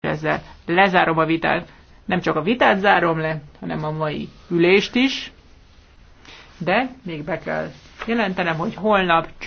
ezzel lezárom a vitát. Nem csak a vitát zárom le, hanem a mai ülést is. De még be kell jelentenem, hogy holnap csütörtök.